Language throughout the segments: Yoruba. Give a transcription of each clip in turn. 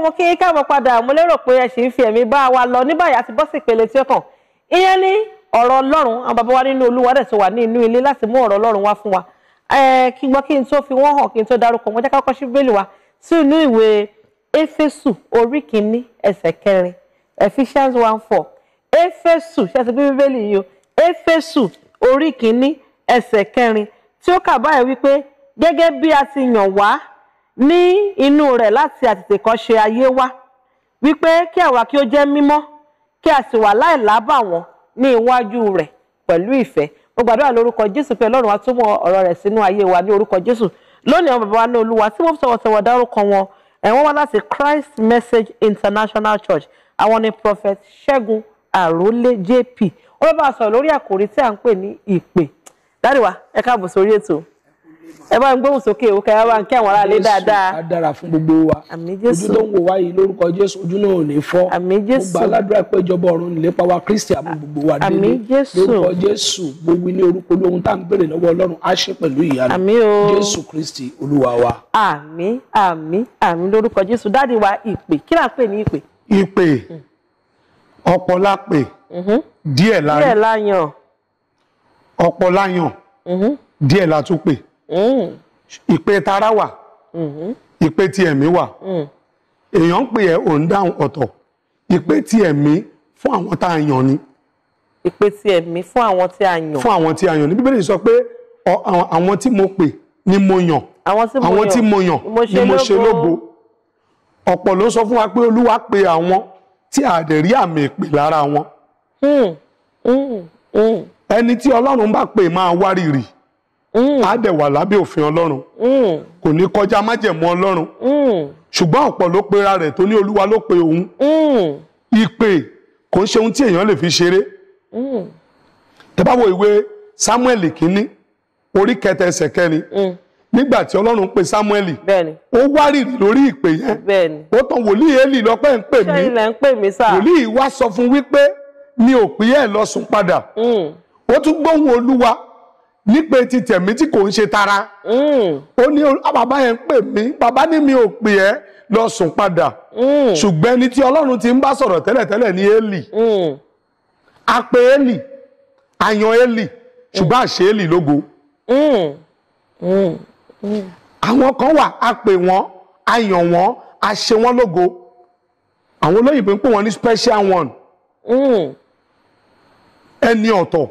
mo kí yín káàbọ̀ padà mo lérò pé ẹ sì ń fi ẹ̀mí bá wa lọ ní báyìí àti bọ́sì ìpele tí ó kàn ìyẹn ní ọ̀rọ̀ ọlọ́run àwọn bàbá wa nínú olúwa dẹ̀ tó wà ní inú ilé láti mú ọ̀rọ̀ ọlọ́run wá fún wa kí gbọ́ kí n tó fi wọ́n hàn kí n tó darúkọ wọn jẹ́ ká sí bẹ́ẹ̀lì wa sí inú ìwé éfésù orí kìíní ẹsẹ̀ kẹrin Ephesians one four éfésù ṣe ti bí bíbélì yìí o éfésù orí kìíní ẹsẹ̀ kẹrin tí ó kà báyìí wípé gẹ́gẹ́ bí a ti yàn wá ní inú rẹ̀ láti àtètèkọ́ṣe ayé wá wípé kí àwa kí ó jẹ́ mímọ́ kí a sì wà láìlábàwọ́n ní iwájú rẹ̀ pẹ̀lú ìfẹ́ mo gbàdúrà lórúkọ Jésù pé Ọlọ́run á túmọ̀ ọ̀rọ̀ rẹ̀ sínú ayé wa ní orúkọ Jésù lónìí àwọn bàbá wa ní Olúwa tí wọ́n sọ̀wọ́sọ̀wọ́ dárúkọ wọn ẹ̀wọ́n wá láti Christ Message International Church àwọn ni Prophet Ṣẹ́gun Àrólé JP ó bá a sọ̀rọ̀ lórí àkòrí tí à ń pè ní ìpè dáríwá ẹ káàbọ̀ sórí ètò ẹ bá ń gbóhùn sókè o kẹ ẹ bá ń kí àwọn aráàlú dáadáa. a dára fún gbogbo wa ojú ló ń wò wá yìí lórúkọ jésù ojú náà ò ní fọ́ gbogbo aládùúrà pé ìjọba ọ̀run nílépa wa kristi àmú gbogbo wa délé lórúkọ jésù gbogbo ilé orúkọ olóhun tá à ń béèrè lọ́wọ́ ọlọ́run á ṣe pẹ̀lú ìyanu jésù kristi olúwa wa. àmín àmín àmín lórúkọ jésù dáàdi wa ìpè kí là ń pè ní ìpè. ìpè ọ̀pọ̀ mhm. la pè díẹ̀ la yàn ọ̀pọ̀ la yàn mhm. díẹ̀ la tún pè. Mm. ìpè tara wà mm-hmm. ìpè ti ẹ̀mí wà mm. èèyàn ń pè ẹ́ òun dáhùn ọ̀tọ̀ ìpè ti ẹ̀mí fún àwọn tá a yàn ni. ìpè ti ẹ̀mí fún àwọn tí a yàn. fún àwọn tí a yàn ni bíbélì sọ pé àwọn tí mo pè ni mo yàn àwọn tí mo yàn ni mo ṣe lógo ọ̀pọ̀ ló sọ fún wa pé olúwa pè àwọn tí a dẹ̀ rí àmì ìpè lára wọn. Hmm. Hmm. Hmm. ẹni tí ọlọ́run bá pè máa wárìrì á mm. dẹ̀ wà lábẹ́ òfin ọlọ́run mm. kò ní kọjá májẹ̀mú ọlọ́run mm. ṣùgbọ́n ọ̀pọ̀ ló pera rẹ̀ tó ní olúwa ló pe òun ìpè kò ń ṣe ohun tí èèyàn lè fi ṣeré tẹ́ ìwé Samuel kínní orí kẹta ẹsẹ̀ kẹrin nígbà tí ọlọ́run pe Samuel ó wárìrì lórí ìpè yẹn ó tàn wòlíì Élì lọ́pẹ́ ń pè mí wòlíì wá sọ fún wípé mi ò pín ẹ̀ lọ́sùn padà ó tún gbóhùn olúwa nípe ti tẹ̀mí tí kò ń ṣe tara. Mm. ó ní ah, bàbá yẹn ń pè mí bàbá ní mi ò pè ẹ́ lọ sùn padà. Mm. ṣùgbọ́n ẹni tí ọlọ́run ti ń bá sọ̀rọ̀ tẹ́lẹ̀tẹ́lẹ̀ ní Élì. Mm. a pe Élì àyàn Élì ṣùgbọ́n àṣẹ Élì lógo. àwọn kan wà a pè wọ́n a yàn wọ́n a ṣe wọ́n lógo. àwọn olóyìnbó ń pè wọ́n ní special one. ẹni ọ̀tọ̀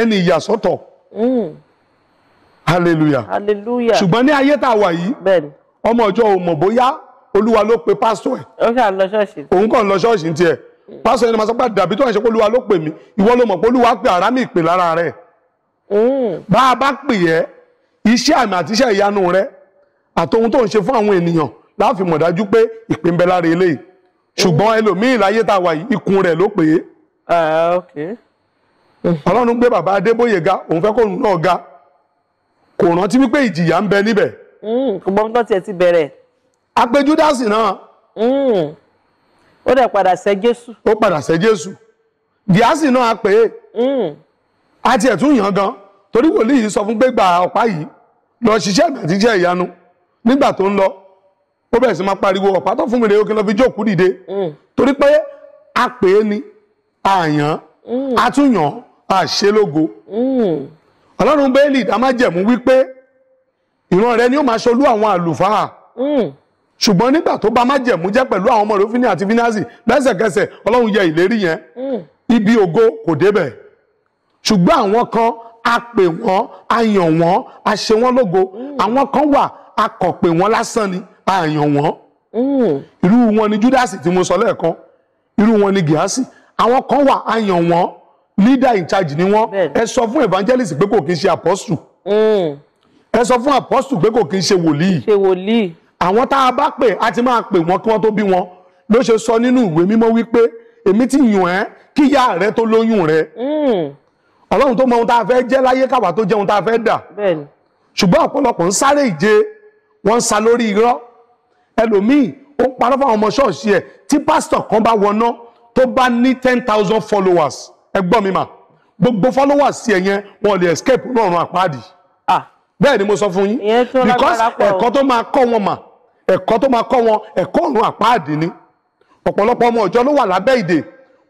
ẹni ìyàsọ́tọ̀. Mm. hallelujah hallelujah ṣùgbọ́n ní ayé tá a wà yìí ọmọ ọjọ́ ò mọ̀ bóyá olúwa ló pe pásítọ̀ ẹ̀ òun kàn lọ ṣọ́ọ̀ṣì òun kàn lọ ṣọ́ọ̀ṣì ní tiẹ̀ pásítọ̀ yẹn ni màá sọ pé dàbí tó ń ṣe pé olúwa ló pè mí ìwọ ló mọ̀ pé olúwa pe àrá mi ìpè lára rẹ̀ mm. bá a bá pè ẹ́ iṣẹ́ àmì àti iṣẹ́ ìyanu rẹ̀ àtòhun tó ń ṣe fún àwọn ènìyàn la fi mọ̀ dájú pé ìpín bẹ lára eléyìí ṣùgbọ́n ẹlòmíì láyé tá a wà yìí ikùn rẹ̀ ló pè é. Ah, ọlọ́run gbé bàbá adébóyè ga òun fẹ́ kóun náà ga kò rántí wípé ìjìyà ń bẹ níbẹ̀. kò hmm, gbọ́n tó tiẹ̀ ti bẹ̀rẹ̀. a pe júdásì náà. Hmm, ó dẹ̀ padà sẹ́ jésù. ó padà sẹ́ jésù díásì náà a pè é. Hmm. a tiẹ̀ tún yàn gan torí wòlíì yìí sọ fún gbégbà ọ̀pá yìí lọ ṣiṣẹ́ ìgbàjíṣẹ́ ìyanu nígbà tó ń lọ ó bẹ̀rẹ̀ sí máa pariwo ọ̀pá tó fún mi rèé ó n lọ fi jókòó dìde torí pé a pè é ni àyàn a tún yàn án àṣelógo hmm. ọlọ́run bẹ́ẹ̀lì ìdámájẹ̀mú wípé ìran rẹ ni ó máa ṣolú àwọn àlùfáà hmm. ṣùgbọ́n nígbà tó bá májẹ̀mú jẹ́ pẹ̀lú àwọn ọmọ rẹ́fínì àti fínásì lẹ́sẹ̀kẹsẹ̀ ọlọ́run yẹ ìlérí yẹn hmm. ibi ògo kò débẹ̀ ṣùgbọ́n àwọn kan a pè wọ́n a yàn wọ́n a ṣe wọ́n lógo àwọn kan wà a kọ̀ pè wọ́n lásán ni a yàn wọ́n irú wọn ni Júdásì tí mo sọ lẹ́ẹ̀kan irú wọn ni Gíásì àwọn kan wà a yàn wọ́n leader in charge ni wọ́n ẹ sọ fún evangelist pé kò kí n ṣe apostle hmm. ẹ sọ fún apostle pé kò kí n ṣe wòlíì àwọn tá a bá pè á ti máa pè wọ́n kí wọ́n tó bí wọn ló ṣe sọ nínú ìwé mímọ́ wípé èmi ti yàn ẹ́ kí ìyá rẹ tó lóyún rẹ hmm. ọlọ́run tó mọ ohun tá a fẹ́ jẹ́ láyé káwa tó jẹ́ ohun tá a fẹ́ dà ṣùgbọ́n ọ̀pọ̀lọpọ̀ ń sáré ìje wọ́n ń sa lórí irọ́ ẹlòmíì ó parọ́ fáwọn ọmọ ṣọ́ọ̀ṣì ẹ̀ tí pásítọ̀ kan bá wọná tó bá ní ten thousand followers ẹ gbọ́ mi mà gbogbo followers tiẹ̀ yẹn wọn lè escape lọ́rùn àpáàdì ah. bẹ́ẹ̀ ni mo sọ fún yín because ẹ̀kọ́ tó máa kọ́ wọn mà ẹ̀kọ́ tó máa kọ́ wọn ẹ̀kọ́ ọ̀run àpáàdì ni ọ̀pọ̀lọpọ̀ ọmọ ọ̀jọ́ ló wà lábẹ́ ìdè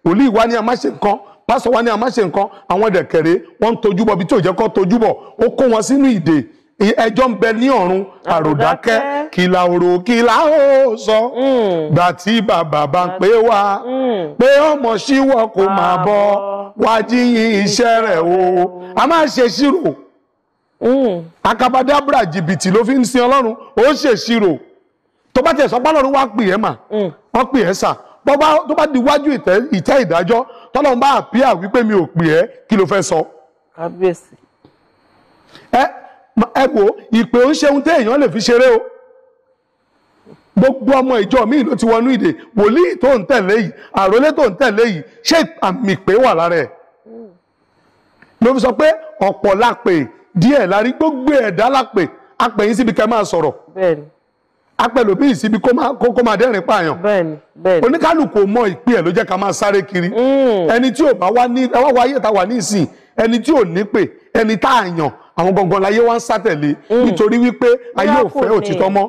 wòlíì wa ni a máa ṣe nǹkan pásọ wa ni a máa ṣe nǹkan àwọn ẹ̀dẹ̀kẹ̀rẹ́ wọ́n ń tojú bọ̀ bí tí ò jẹ́ kó tojú bọ̀ ó kó wọn sínú ìdè ẹjọ́ ń bẹ ní ọ̀run àròdákẹ́ kìlà òrò kìlà ó sọ gbà tí bàbá bá ń pè wá hmm. pé ọmọ ṣíwọ́ kò máa bọ̀ wá jíyìn iṣẹ́ rẹ̀ o a máa ṣe ṣírò hmm. akabadabra jìbìtì ló fi ń sin ọlọ́run ó ṣe ṣírò tó bá tẹ̀sán pálọ̀run wá pè ẹ́ mà hmm. wọ́n pè ẹ́ sà tó bá di iwájú ìtẹ́ ìdájọ́ tọ́lọ́run bá àpíà wípé mi ò pè ẹ́ kí ló fẹ́ sọ. kábíyèsí. ẹ ẹ wo ìpè ń ṣe ohun téèyàn lè fi ṣeré o gbogbo ọmọ ìjọ mi ló ti wọnú ìdè wòlíì tó ń tẹ̀lé yìí àròlé tó ń tẹ̀lé yìí ṣé àmì pé wà lára ẹ̀ ló fi sọ pé ọ̀pọ̀ la pè díẹ̀ la rí gbogbo ẹ̀dá la pè apẹ̀yìn síbi kẹ́ máa sọ̀rọ̀ apẹ̀lòmíì síbi kó máa dẹ́rìn pààyàn oníkálùkù mọ ìpín ẹ̀ ló jẹ́ ká máa sáré kiri hmm. ẹni tí ò bá wá ní ẹ wá wá ayé ta wà ní ìsìn ẹni tí ò ní pè ẹni tá a àwọn gangan láyé wá ń sátẹ̀lé hmm. nítorí wípé ayé ò fẹ́ òtítọ́ mọ́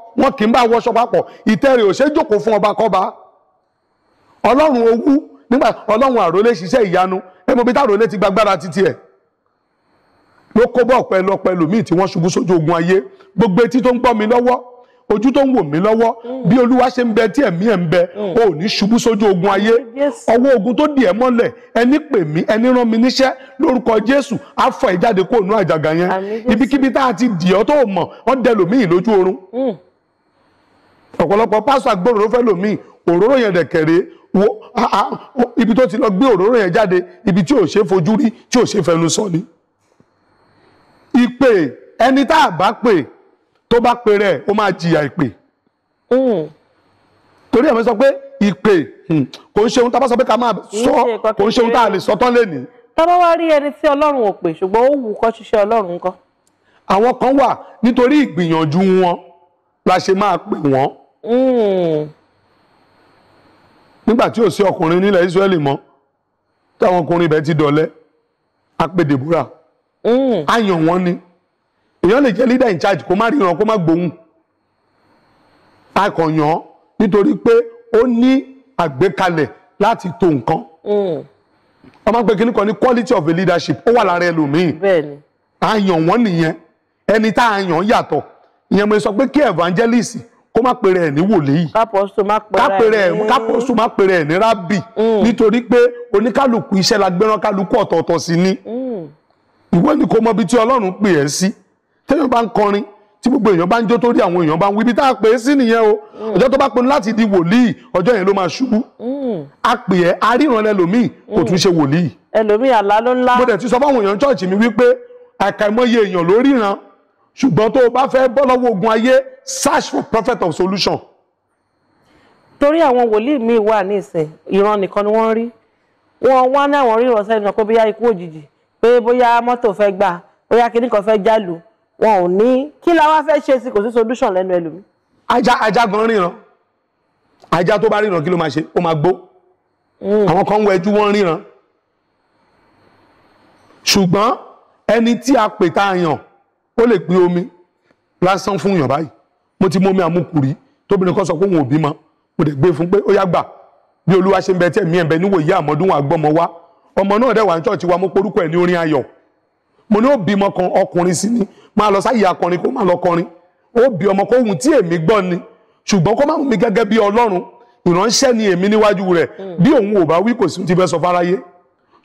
wọn kì í bá wọṣọ papọ̀ ìtẹ́rẹ̀ ò ṣe jókòó fún ọba kọ́ba ọlọ́run owú nígbà ọlọ́run àròlé ṣiṣẹ́ ìyanu ẹ mọ̀ bí tàròlé ti gbàgbára títí ẹ̀ ló kó bọ́ ọ̀pẹ lọ́pẹ lòmíì tí wọ́n ṣubú sójú ogun ayé gbogbo etí tó ń gbọ́ mi lọ́wọ́ ojú tó ń wò mí lọ́wọ́ mm. bí olúwa ṣe ń bẹ tí ẹ̀mí ẹ̀ ń bẹ o mm. ò ní ṣubú sójú ogun ayé ọwọ́ ogun tó di ẹ̀ mọ́lẹ̀ ẹni pè mí ẹni rán mi níṣẹ́ lórúkọ jésù á fọ ẹ̀ jáde kó nú àjàgà yẹn ibikíbi tá a ti dì ọ́ tó mọ̀ ọ́ dẹ lòmíì lójú oorun. Mm ọ̀pọ̀lọpọ̀ pásítọ̀ agbóròró fẹ́ lòmíì òróró yẹn dẹ̀ kẹ̀rẹ́ wo ibi tó ti lọ gbé òróró yẹn jáde ibi tí ò ṣe fojú rí tí ò ṣe fẹnu sọ ni. ìpè ẹni tá a bá pè tó bá pe rẹ̀ ó máa jìyà ìpè. Hmm. torí ẹ̀mí sọ pé ìpè hmm, kò ń ṣe ohun tá a bá sọ pé ká máa sọ kò ń ṣe ohun tá a lè sọ tán lé ní. wá rí ẹni tí ọlọ́run ò pè ṣùgbọ́n ó wù kọ́ ṣiṣẹ́ ọlọ́run kan. àwọn kan wà nítorí ìgbìyànjú wọn la ṣe máa pè wọ́n Hmm. nígbà tí ò sí ọkùnrin nílẹ̀ Ísírẹ́lì mọ́ táwọn ọkùnrin ibẹ̀ ti dọ̀lẹ́ apèdèbúrà àyàn hmm. wọn ni èèyàn lè jẹ́ leader in charge kó má ríran kó má gbóhùn akọ̀yàn nítorí pé ó ní àgbékalẹ̀ láti tó nǹkan ọmọ pé kí ni kan ní quality of a leadership ó wà lára ẹlòmíì àyàn wọn nìyẹn ẹni tá a yàn yàtọ̀ ìyẹn mo sọ pé kí evangelist kó má pèrè ẹ̀ ní wòlíì kápọ̀sù má pèrè ẹ̀ ní rábì mm. nítorí pé oníkálukú iṣẹ́ la gbẹ́rán kálukú ọ̀tọ̀ọ̀tọ̀ sí ni mm. ìwọ ni kò mọ ibi tí ọlọ́run pè ẹ́ sí téèyàn bá ń kọrin tí gbogbo èèyàn bá ń jó tó rí àwọn èèyàn bá ń wí ibi tá a pè é sí nìyẹn o mm. ọjọ́ tó bá pinnu láti di wòlíì ọjọ́ yẹn ló máa ṣubú a pè ẹ́ aríran ẹlòmíì kò tún ṣe wòlíì. ẹlòmíì àlá ló ńlá. mo dẹ̀ ti sọ fáwọn èèyàn chọ́ọ̀chì mi wípé àkàìmọye èèyàn ló ríran ṣùgbọ́n tó o bá fẹ́ bọ́ lọ́wọ́ ogun ayé search for prophet of solution. torí àwọn wòlíì míì wà nísìn ìran nìkan ni wọ́n rí wọn wá ní àwọn ríran sẹ́yìn náà pé bóyá ikú òjijì pé bóyá mọ́tò fẹ́ gbà bóyá kinní kan fẹ́ jálù wọn ò ní kí la wá fẹ́ ṣe sí kò sí solution lẹ́nu ẹlòmíì. ajá ajá gan ríran ajá tó bá ríran kí ló máa ṣe ó máa gbó hmm. àwọn kan ń wẹjú wọn ríran ṣùgbọ́n ẹni tí a pè tá a yàn ó lè gbé omi lásán fún yàn báyìí mo ti mú omi àmukùrí tóbìnrin kan sọ pé òun ò bímọ mo dẹ̀ gbé fún pé ó yá gbà bí olúwa ṣe ń bẹ tẹ̀mí ẹ̀ bẹ níwò ìyá àmọ́dún wa gbọ́mọ wá ọmọ náà dẹ̀ wà ní chọ́ọ̀chì wa mo porúkọ ẹ̀ ní orin ayọ̀ mo ní ó bímọ kan ọkùnrin sí ni máa lọ sáyé akọrin kó máa lọ kọrin ó bí ọmọ kó ohun tí èmi gbọ́ ni ṣùgbọ́n kó má mú mi gẹ́gẹ́ bí ọlọ́run ìránṣẹ́ ni èmi níwájú rẹ̀ bí òun ò bá wí kò sí ti fẹ́ sọ fáráyé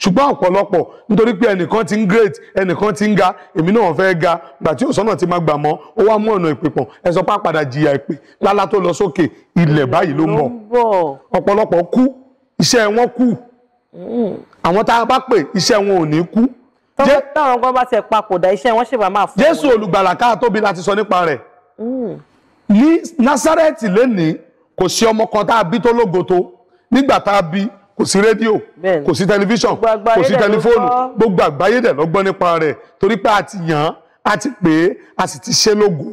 ṣùgbọ́n ọ̀pọ̀lọpọ̀ nítorí pé ẹnìkan ti ń great ẹnìkan ti ń ga èmi náà fẹ́ ga gbà tí òsánà ti máa gbà mọ́ ó wá mú ọ̀nà ìpè pọ̀n ẹ sọ pé àpàdà jìyà ìpè lálá tó lọ sókè ilẹ̀ báyìí ló ń bọ̀ ọ̀pọ̀lọpọ̀ kú iṣẹ́ wọn kú hmm. àwọn tá a bá pè iṣẹ́ wọn ò ní kú. táwọn kan bá ti papòdà iṣẹ́ wọn ṣèbà máa fún un. Jésù olùgbàlà ká tóbi láti sọ nípa rẹ̀ hmm. ní Násárẹ́tì lénìí kò sí ọmọ kan tá a bí tó lógo tó nígbà tá a bí kò sí rédíò kò sí tẹlifíṣàn kò sí tẹlifóònù gbogbo àgbáyé dẹ̀ ló gbọ́ nípa rẹ̀ torí pé a ti yàn án a ti pè é a sì ti ṣe lógo.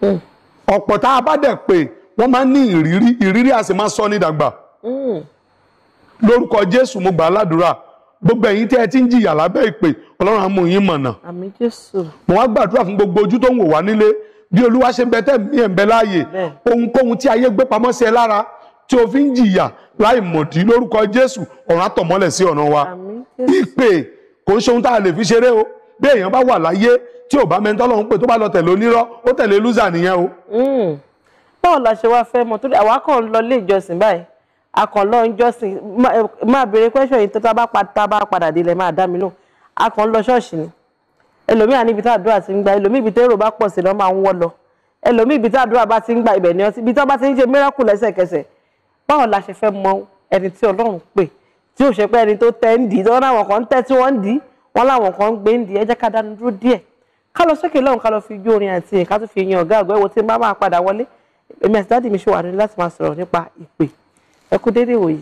Hmm. ọ̀pọ̀ tá a bá dẹ̀ pè wọ́n máa ń ní ìrírí ìrírí a sì máa ń sọ ní ìdàgbà. Hmm. lórúkọ Jésù mo gbà á ládùúrà gbogbo ẹ̀yin tí ẹ ti ń jìyà lábẹ́ ìpè Ọlọ́run á yín mọ̀nà. mo wá gbàdúrà fún gbogbo ojú tó ń wò wá nílé bí Olúwa ṣe ń bẹ tẹ́ mi ẹ̀ ń bẹ láàyè ohunkóhun tí ayé gbé pamọ́ sí ẹ lára tí o fi ń jìyà láì mọ̀dí lórúkọ Jésù ọ̀run àtọ̀mọ́lẹ̀ sí ọ̀nà wa ìpè kò ń ṣe ohun tá a lè fi ṣeré o bí èèyàn bá wà láyé tí ò bá mẹ́ńtọ́ lọ́hún pé tó bá lọ tẹ̀lé onírọ́ ó tẹ̀lé lúzà nìyẹn o. Hmm. báwo la ṣe wá fẹ́ mọ̀ torí àwa kàn ń lọ ilé ìjọsìn báyìí a lọ ń máa béèrè question yìí tó tá a bá padà délẹ̀ máa dá mi lóhùn a kàn ń lọ ṣọ́ọ̀ṣì ni ẹlòmíà níbi tá àdúrà ti ń gba ẹlòmíì ibi tẹ́rò bá pọ̀ sí lọ́ máa ń wọ́ lọ ẹlòmíì ibi tá àdúrà bá ti ń gba ibẹ̀ ni ọtí ibi tá bá ti ń ṣe mẹ́rẹ́kù lẹ́sẹ̀kẹsẹ̀ báwo la ṣe fẹ́ mọ ẹni tí ọlọ́run pè tí ò ṣe pé ẹni tó tẹ́ ń dì í tí wọ́n láwọn kan ń tẹ́ tí wọ́n ń dì í wọ́n láwọn kan ń gbé ń dì í ẹ jẹ́ ká dánu dúró díẹ̀ ká lọ sókè lọ́run ká lọ fi jó orin àti ìka tó fi yan ọ̀gá àgọ́ ẹ̀wò tí máa máa padà wọlé èmi àti dáàdì mi ṣe wà nílé láti máa sọ̀rọ̀ nípa ìpè ẹ kú déédéé wòyí.